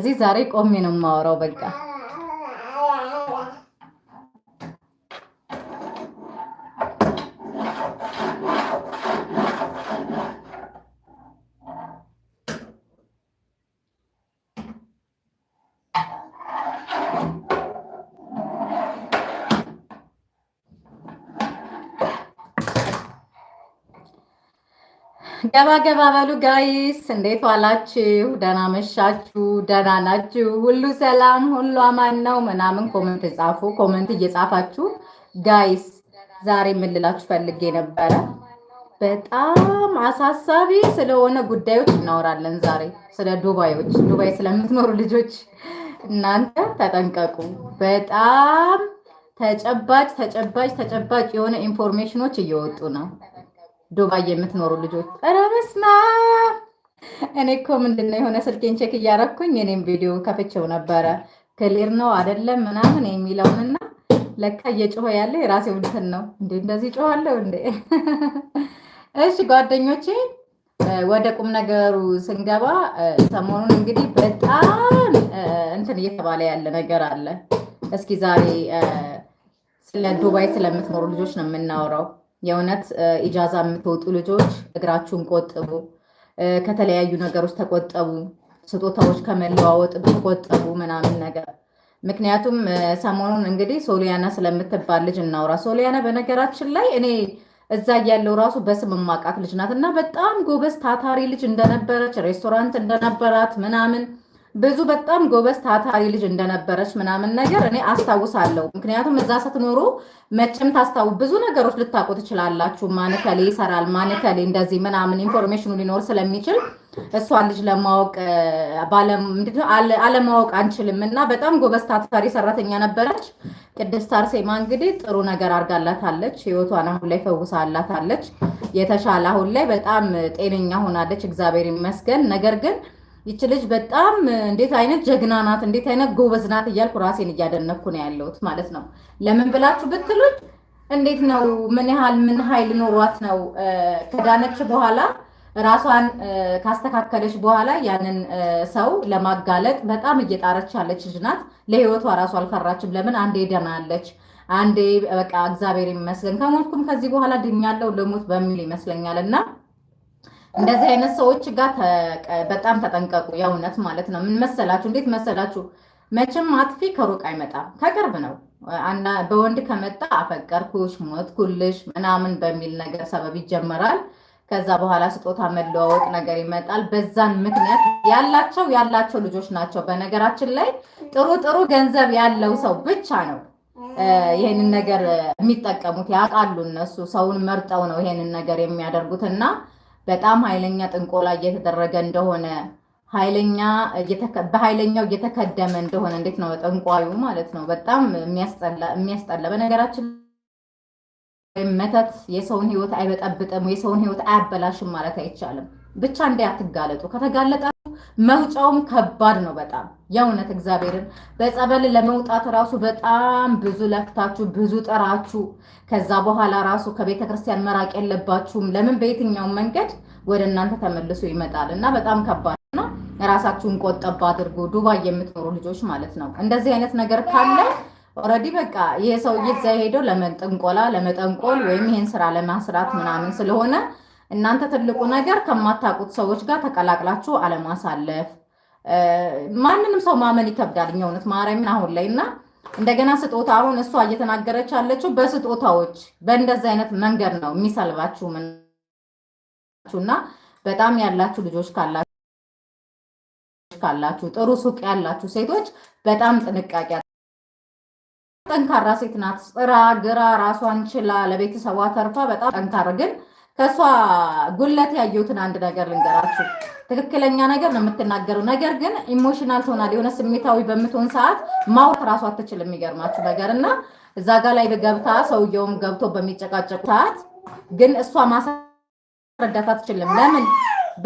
እዚህ ዛሬ ቆሜ ነው የማወራው። በቃ ገባ ገባ በሉ ጋይስ፣ እንዴት ዋላችሁ? ደህና መሻችሁ? ደህና ናችሁ? ሁሉ ሰላም፣ ሁሉ አማን ነው ምናምን ኮመንት ጻፉ። ኮመንት እየጻፋችሁ ጋይስ፣ ዛሬ የምልላችሁ ፈልጌ ነበረ። በጣም አሳሳቢ ስለሆነ ጉዳዮች እናወራለን ዛሬ። ስለ ዱባዮች፣ ዱባይ ስለምትኖሩ ልጆች እናንተ ተጠንቀቁ። በጣም ተጨባጭ ተጨባጭ ተጨባጭ የሆነ ኢንፎርሜሽኖች እየወጡ ነው ዱባይ የምትኖሩ ልጆች ኧረ በስመ አብ! እኔ እኮ ምንድነው የሆነ ስልኬን ቼክ እያረኩኝ እኔም ቪዲዮ ከፍቼው ነበረ ክሊር ነው አይደለም ምናምን የሚለውንና ለካ እየጮኸ ያለ የራሴ ውድትን ነው እንዲ እንደዚህ ጮኋለሁ እንዴ እሺ ጓደኞቼ ወደ ቁም ነገሩ ስንገባ ሰሞኑን እንግዲህ በጣም እንትን እየተባለ ያለ ነገር አለ እስኪ ዛሬ ስለ ዱባይ ስለምትኖሩ ልጆች ነው የምናወራው የእውነት ኢጃዛ የምትወጡ ልጆች እግራችሁን ቆጥቡ፣ ከተለያዩ ነገሮች ተቆጠቡ፣ ስጦታዎች ከመለዋወጥ ተቆጠቡ ምናምን ነገር ምክንያቱም ሰሞኑን እንግዲህ ሶሊያና ስለምትባል ልጅ እናውራ። ሶሊያና በነገራችን ላይ እኔ እዛ ያለው ራሱ በስም ማቃት ልጅ ናት እና በጣም ጎበዝ ታታሪ ልጅ እንደነበረች ሬስቶራንት እንደነበራት ምናምን ብዙ በጣም ጎበዝ ታታሪ ልጅ እንደነበረች ምናምን ነገር እኔ አስታውሳለሁ። ምክንያቱም እዛ ስትኖሩ መቼም ታስታው ብዙ ነገሮች ልታውቁ ትችላላችሁ። ማንከሌ ይሰራል፣ ማንከሌ እንደዚህ ምናምን ኢንፎርሜሽኑ ሊኖር ስለሚችል እሷን ልጅ ለማወቅ አለማወቅ አንችልም። እና በጣም ጎበዝ ታታሪ ሰራተኛ ነበረች። ቅድስት አርሴማ እንግዲህ ጥሩ ነገር አድርጋላታለች። ህይወቷን አሁን ላይ ፈውሳላታለች። የተሻለ አሁን ላይ በጣም ጤነኛ ሆናለች፣ እግዚአብሔር ይመስገን። ነገር ግን ይች ልጅ በጣም እንዴት አይነት ጀግና ናት፣ እንዴት አይነት ጎበዝ ናት እያልኩ ራሴን እያደነኩ ነው ያለሁት ማለት ነው። ለምን ብላችሁ ብትሉኝ እንዴት ነው ምን ያህል ምን ኃይል ኖሯት ነው ከዳነች በኋላ ራሷን ካስተካከለች በኋላ ያንን ሰው ለማጋለጥ በጣም እየጣረች ያለች ልጅ ናት። ለህይወቷ ራሱ አልፈራችም። ለምን አንዴ ደናለች፣ አንዴ በቃ እግዚአብሔር ይመስገን ከሞትኩም ከዚህ በኋላ ድኛለው ለሞት በሚል ይመስለኛል እና እንደዚህ አይነት ሰዎች ጋር በጣም ተጠንቀቁ። የእውነት ማለት ነው። ምን መሰላችሁ? እንዴት መሰላችሁ? መቼም አጥፊ ከሩቅ አይመጣም፣ ከቅርብ ነው። በወንድ ከመጣ አፈቀርኩሽ፣ ሞትኩልሽ ምናምን በሚል ነገር ሰበብ ይጀመራል። ከዛ በኋላ ስጦታ መለዋወጥ ነገር ይመጣል። በዛን ምክንያት ያላቸው ያላቸው ልጆች ናቸው። በነገራችን ላይ ጥሩ ጥሩ ገንዘብ ያለው ሰው ብቻ ነው ይሄንን ነገር የሚጠቀሙት። ያውቃሉ እነሱ ሰውን መርጠው ነው ይሄንን ነገር የሚያደርጉት እና በጣም ኃይለኛ ጥንቆላ እየተደረገ እንደሆነ በኃይለኛው እየተከደመ እንደሆነ እንዴት ነው ጠንቋዩ ማለት ነው። በጣም የሚያስጠላ በነገራችን መተት የሰውን ሕይወት አይበጠብጥም፣ የሰውን ሕይወት አያበላሽም ማለት አይቻልም። ብቻ እንዲህ አትጋለጡ ከተጋለጠ መውጫውም ከባድ ነው በጣም የእውነት እግዚአብሔርን በጸበል ለመውጣት ራሱ በጣም ብዙ ለፍታችሁ ብዙ ጥራችሁ ከዛ በኋላ ራሱ ከቤተ ክርስቲያን መራቅ የለባችሁም። ለምን በየትኛውም መንገድ ወደ እናንተ ተመልሶ ይመጣል እና በጣም ከባድ ነው። ራሳችሁን ቆጠባ አድርጉ፣ ዱባይ የምትኖሩ ልጆች ማለት ነው። እንደዚህ አይነት ነገር ካለ ኦልሬዲ በቃ ይሄ ሰውዬ እዛ ሄደው ለመጥንቆላ ለመጠንቆል ወይም ይሄን ስራ ለማስራት ምናምን ስለሆነ እናንተ ትልቁ ነገር ከማታውቁት ሰዎች ጋር ተቀላቅላችሁ አለማሳለፍ። ማንንም ሰው ማመን ይከብዳል። እኛ እውነት ማርያምን አሁን ላይ እና እንደገና ስጦታ አሁን እሷ እየተናገረች ያለችው በስጦታዎች በእንደዚህ አይነት መንገድ ነው የሚሰልባችሁ እና በጣም ያላችሁ ልጆች ካላችሁ ጥሩ ሱቅ ያላችሁ ሴቶች በጣም ጥንቃቄ ጠንካራ ሴት ናት። ጥራ ግራ ራሷን ችላ ለቤተሰቧ ተርፋ በጣም ጠንካር ግን ከእሷ ጉለት ያየሁትን አንድ ነገር ልንገራችሁ። ትክክለኛ ነገር ነው የምትናገረው። ነገር ግን ኢሞሽናል ትሆናል። የሆነ ስሜታዊ በምትሆን ሰዓት ማውራት ራሱ አትችል። የሚገርማችሁ ነገር እና እዛ ጋ ላይ ገብታ ሰውየውም ገብቶ በሚጨቃጨቁ ሰዓት ግን እሷ ማስረዳት አትችልም። ለምን?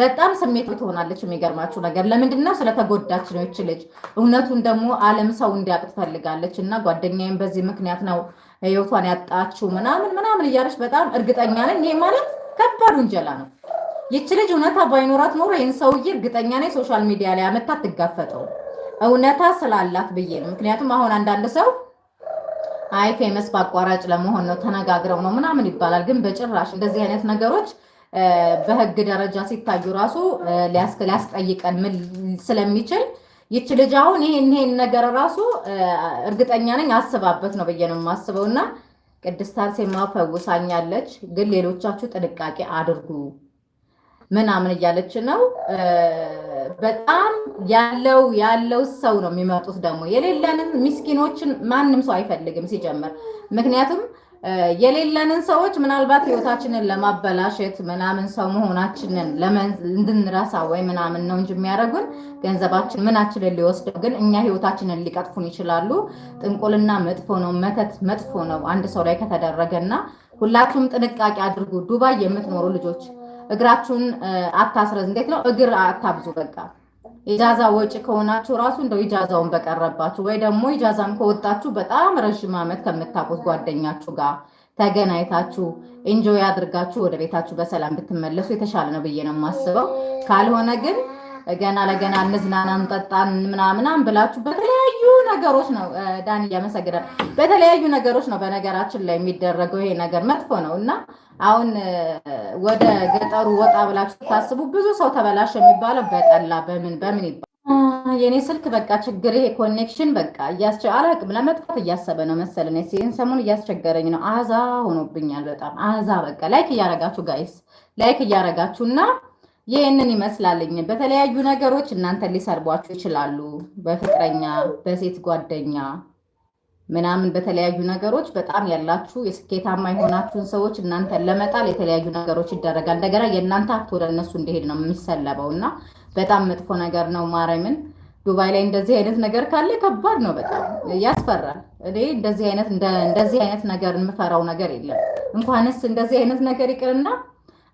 በጣም ስሜታዊ ትሆናለች። የሚገርማችሁ ነገር ለምንድን ነው? ስለተጎዳች ነው። ይች ልጅ እውነቱን ደግሞ ዓለም ሰው እንዲያውቅ ትፈልጋለች። እና ጓደኛዬም በዚህ ምክንያት ነው ህይወቷን ያጣችው ምናምን ምናምን እያለች በጣም እርግጠኛ ነኝ ይሄ ማለት ከባድ ውንጀላ ነው። ይች ልጅ እውነታ ባይኖራት ኖሮ ይህን ሰውዬ እርግጠኛ ነኝ ሶሻል ሚዲያ ላይ አመታ ትጋፈጠው እውነታ ስላላት ብዬ ነው። ምክንያቱም አሁን አንዳንድ ሰው አይ ፌመስ በአቋራጭ ለመሆን ነው ተነጋግረው ነው ምናምን ይባላል። ግን በጭራሽ እንደዚህ አይነት ነገሮች በህግ ደረጃ ሲታዩ ራሱ ሊያስጠይቀን ምን ስለሚችል ይች ልጅ አሁን ይሄን ነገር ራሱ እርግጠኛ ነኝ አስባበት ነው ብዬ ነው የማስበው እና ቅድስት አርሴማ ፈውሳኛለች፣ ግን ሌሎቻችሁ ጥንቃቄ አድርጉ ምናምን እያለች ነው። በጣም ያለው ያለው ሰው ነው የሚመጡት። ደግሞ የሌለንም ሚስኪኖችን ማንም ሰው አይፈልግም ሲጀምር ምክንያቱም የሌለንን ሰዎች ምናልባት ህይወታችንን ለማበላሸት ምናምን ሰው መሆናችንን እንድንረሳ ወይ ምናምን ነው እንጂ የሚያደርጉን ገንዘባችን ምናችንን ሊወስደው፣ ግን እኛ ህይወታችንን ሊቀጥፉን ይችላሉ። ጥንቁልና መጥፎ ነው፣ መተት መጥፎ ነው አንድ ሰው ላይ ከተደረገና ሁላችሁም ጥንቃቄ አድርጉ። ዱባይ የምትኖሩ ልጆች እግራችሁን አታስረዝ። እንዴት ነው እግር አታብዙ። በቃ ኢጃዛ ወጪ ከሆናችሁ ራሱ እንደው ኢጃዛውን በቀረባችሁ ወይ ደግሞ ኢጃዛም ከወጣችሁ በጣም ረዥም ዓመት ከምታውቁት ጓደኛችሁ ጋር ተገናኝታችሁ ኢንጆይ አድርጋችሁ ወደ ቤታችሁ በሰላም ብትመለሱ የተሻለ ነው ብዬ ነው የማስበው። ካልሆነ ግን ገና ለገና እንዝናና ጠጣን ምናምናም ብላችሁ በተለያዩ ነገሮች ነው ዳን እያመሰግናል። በተለያዩ ነገሮች ነው በነገራችን ላይ የሚደረገው ይሄ ነገር መጥፎ ነው እና አሁን ወደ ገጠሩ ወጣ ብላችሁ ስታስቡ ብዙ ሰው ተበላሽ የሚባለው በጠላ በምን በምን ይባላል። የኔ ስልክ በቃ ችግር ይሄ ኮኔክሽን በቃ እያስቸ አላቅም ለመጥፋት እያሰበ ነው መሰል ነ ይህን ሰሞን እያስቸገረኝ ነው። አዛ ሆኖብኛል በጣም አዛ። በቃ ላይክ እያረጋችሁ ጋይስ ላይክ እያረጋችሁ እና ይህንን ይመስላልኝ። በተለያዩ ነገሮች እናንተ ሊሰርቧችሁ ይችላሉ። በፍቅረኛ በሴት ጓደኛ ምናምን በተለያዩ ነገሮች በጣም ያላችሁ የስኬታማ የሆናችሁን ሰዎች እናንተ ለመጣል የተለያዩ ነገሮች ይደረጋል። እንደገና የእናንተ ሀብት ወደ እነሱ እንዲሄድ ነው የሚሰለበው እና በጣም መጥፎ ነገር ነው። ማረምን ዱባይ ላይ እንደዚህ አይነት ነገር ካለ ከባድ ነው። በጣም ያስፈራል። እኔ እንደዚህ አይነት ነገር የምፈራው ነገር የለም። እንኳንስ እንደዚህ አይነት ነገር ይቅርና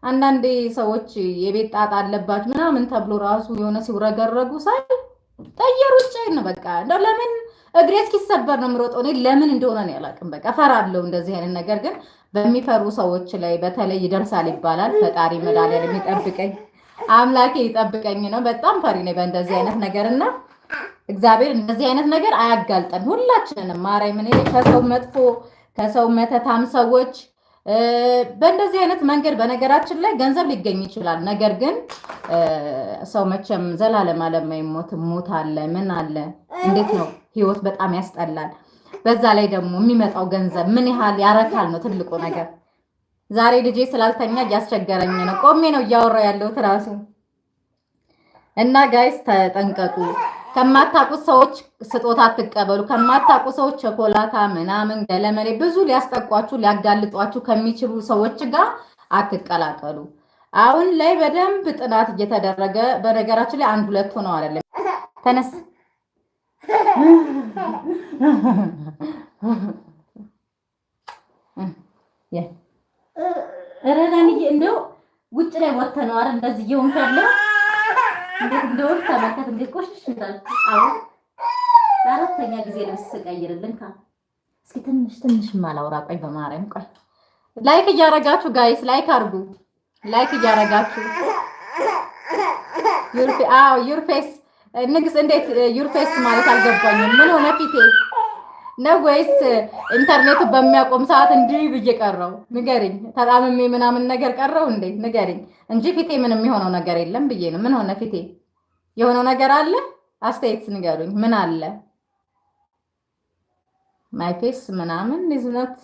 አንዳንዴ ሰዎች የቤት ጣጣ አለባችሁ ምናምን ተብሎ ራሱ የሆነ ሲውረገረጉ ሳይ ጠየር ውጭ ነው። በቃ እንደው ለምን እግሬ እስኪሰበር ነው የምሮጠው። እኔ ለምን እንደሆነ ነው ያላቅም። በቃ እፈራለሁ እንደዚህ አይነት ነገር። ግን በሚፈሩ ሰዎች ላይ በተለይ ይደርሳል ይባላል። ፈጣሪ መድኃኒዓለም የሚጠብቀኝ አምላኬ ይጠብቀኝ ነው። በጣም ፈሪ ነኝ በእንደዚህ አይነት ነገር እና እግዚአብሔር እንደዚህ አይነት ነገር አያጋልጠን ሁላችንንም። ማርያምን ከሰው መጥፎ ከሰው መተታም ሰዎች በእንደዚህ አይነት መንገድ በነገራችን ላይ ገንዘብ ሊገኝ ይችላል። ነገር ግን ሰው መቼም ዘላለም አለማይሞት ሞት አለ ምን አለ እንዴት ነው ህይወት በጣም ያስጠላል። በዛ ላይ ደግሞ የሚመጣው ገንዘብ ምን ያህል ያረካል ነው ትልቁ ነገር። ዛሬ ልጄ ስላልተኛ እያስቸገረኝ ነው። ቆሜ ነው እያወራ ያለሁት ራሱ እና ጋይስ ተጠንቀቁ። ከማታቁ ሰዎች ስጦታ አትቀበሉ። ከማታቁ ሰዎች ቸኮላታ ምናምን ገለመሌ ብዙ ሊያስጠቋችሁ ሊያጋልጧችሁ ከሚችሉ ሰዎች ጋር አትቀላቀሉ። አሁን ላይ በደንብ ጥናት እየተደረገ በነገራችን ላይ አንድ ሁለት ሆነው አይደለም ተነስ ረዳን እንደው ውጭ ላይ ወጥተነው አይደል እንደዚህ እየሆንክ ያለው እንዴት እንደሆነ ተመከት እንዴት እንዳል አሁን ለአራተኛ ጊዜ ልብስ ስቀይርልን ካ እስኪ ትንሽ ትንሽ ማላውራ ቆይ፣ በማርያም ቆይ። ላይክ እያረጋችሁ ጋይስ ላይክ አርጉ፣ ላይክ እያረጋችሁ ዩር ፌስ ንግስ እንዴት ዩርፌስ ማለት አልገባኝም። ምን ሆነ ፊቴ ነው ወይስ ኢንተርኔት በሚያቆም ሰዓት እንዲህ ብዬ ቀረው? ንገሪኝ። ተጣምሜ ምናምን ነገር ቀረው እንዴ? ንገሪኝ እንጂ ፊቴ ምንም የሆነው ነገር የለም ብዬ ነው። ምን ሆነ ፊቴ? የሆነው ነገር አለ? አስተያየት ንገሩኝ። ምን አለ? ማይፌስ ምናምን ዝነት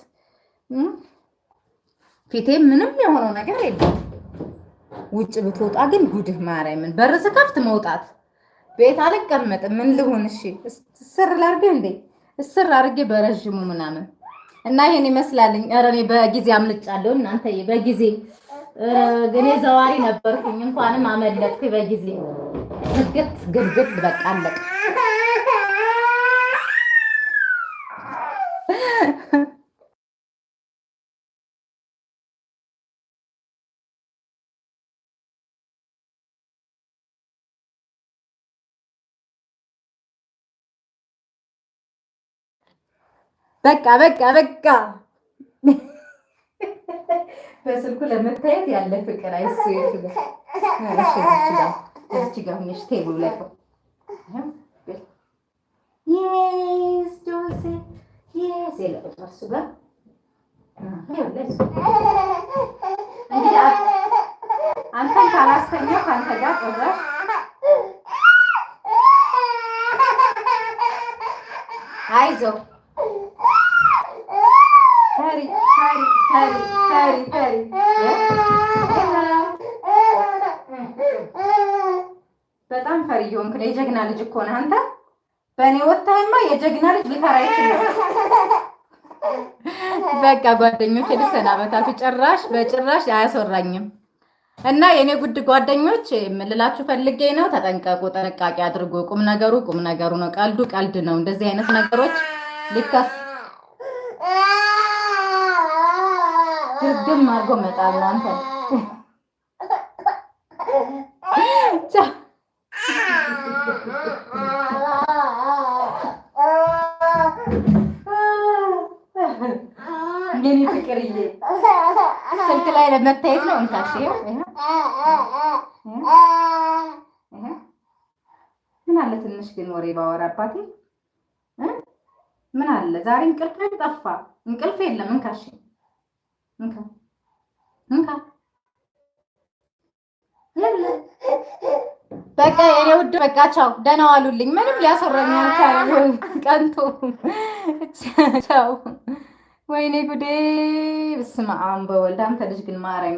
ፊቴ ምንም የሆነው ነገር የለም። ውጭ ብትወጣ ግን ጉድህ ማርያምን፣ በር ስከፍት መውጣት፣ ቤት አልቀመጥም። ምን ልሁን? እሺ ስር ላርገ እንዴ? እስር አድርጌ በረዥሙ ምናምን እና ይሄን ይመስላልኝ። ኧረ እኔ በጊዜ አምልጫለሁ። እናንተዬ በጊዜ እኔ ዘዋሪ ነበርኩኝ። እንኳንም አመለጥኩኝ በጊዜ ግግት ግግት በቃ አለቅ በቃ በቃ በቃ በስልኩ ለመታየት ያለ ፍቅር አይሱ እዚህ ጋር ሆነሽ ቴብሉ ላይ ስ ዶሴ ስ የለሱ ጋር አንተን ካላስተኛው ከአንተ ጋር ጭራሽ አይዞህ በጣም ፈሪ የሆንክ የጀግና ልጅ እኮ ነህ አንተ። በእኔ ወታይማ የጀግና ልጅ ሊፈራ ይችላል። በቃ ጓደኞች የደሰናበታችሁ ጭራሽ በጭራሽ አያስወራኝም። እና የእኔ ጉድ ጓደኞች የምልላችሁ ፈልጌ ነው፣ ተጠንቀቁ፣ ጥንቃቄ አድርጎ ቁም ነገሩ ቁም ነገሩ ነው፣ ቀልዱ ቀልድ ነው። እንደዚህ አይነት ነገሮች ሊከስ ግግም አድርጎ መጣል ነው። አንተ የኔ ፍቅርዬ ስልክ ላይ ለመታየት ነው። እንታሽ ምን አለ ትንሽ ግን ወሬ ባወራ አባቴ ምን አለ ዛሬ እንቅልፍ ጠፋ። እንቅልፍ የለም እንካሽ እንካ እንካ በቃ የኔ ውድ በቃ ቻው፣ ደህና ዋሉልኝ። ምንም ሊያሰራኝ አልቻለም። ቀንቶ ቻው። ወይኔ ጉዴ! በስመ አብ ወወልድ ወመንፈስ ቅዱስ ግን ማርያም